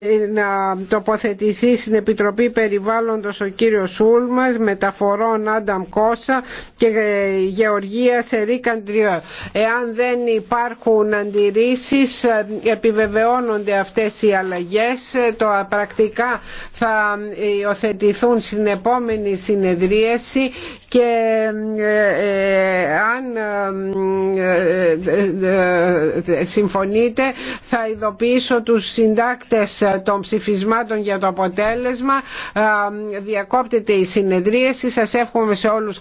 Ε, να τοποθετηθεί στην Επιτροπή Περιβάλλοντος ο κύριος Σούλμας, Μεταφορών Άνταμ Κόσα και ε, Γεωργία Σερίκ Εάν δεν υπάρχουν αντιρρήσεις ε, επιβεβαιώνονται αυτές οι αλλαγές. Το πρακτικά θα υιοθετηθούν στην επόμενη συνεδρίαση και ε, ε, ε, συμφωνείτε θα ειδοποιήσω τους συντάκτες των ψηφισμάτων για το αποτέλεσμα. Διακόπτεται η συνεδρίαση. Σας εύχομαι σε όλους